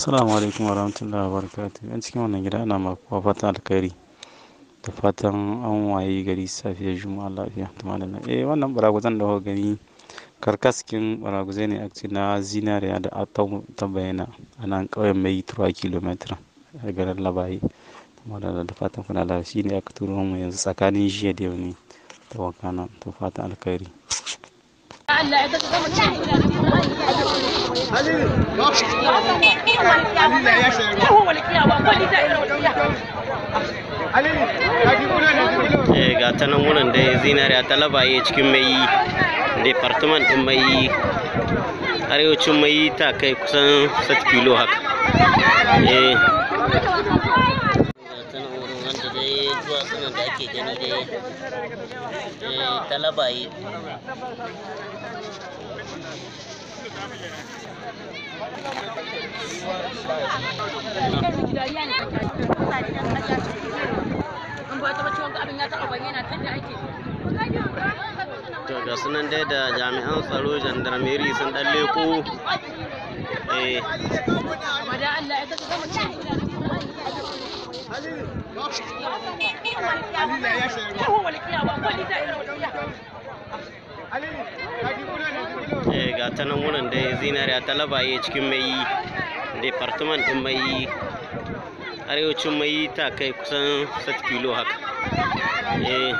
Assalamu alaikum wa rahmatullahi wa barakatuh. Yan cikin wannan gida ana makuwa fatan alkhairi da fatan an waye gari safiyar juma'a lafiya ta malama. Eh wannan baraguzan da kuka gani karkaskin baraguzai ne akci na zinariya da ta bayyana a nan ƙauyen mai turwa kilomita a garin labaye. Malala da fatan kuna lafiya shi ne aka turo mu yanzu tsakanin jiya da yau ne ta wakana ta fatan alkhairi. Allah ya Eh, ga ta nan wunan da ya zinariya talaba ya cikin mai department din mai arewacin mai ta kai kusan 7 kilo haka eh duwatsunan da ake gani dai eh, talabaye to ga sunan dai da jami'an tsaro jandarmeri sun dan leko eh. eh ga ta nan wurin dai zinariya ta labaye cikin mai yi department ɗin mai arewacin mai ta kai kusan 7 kilo haka eh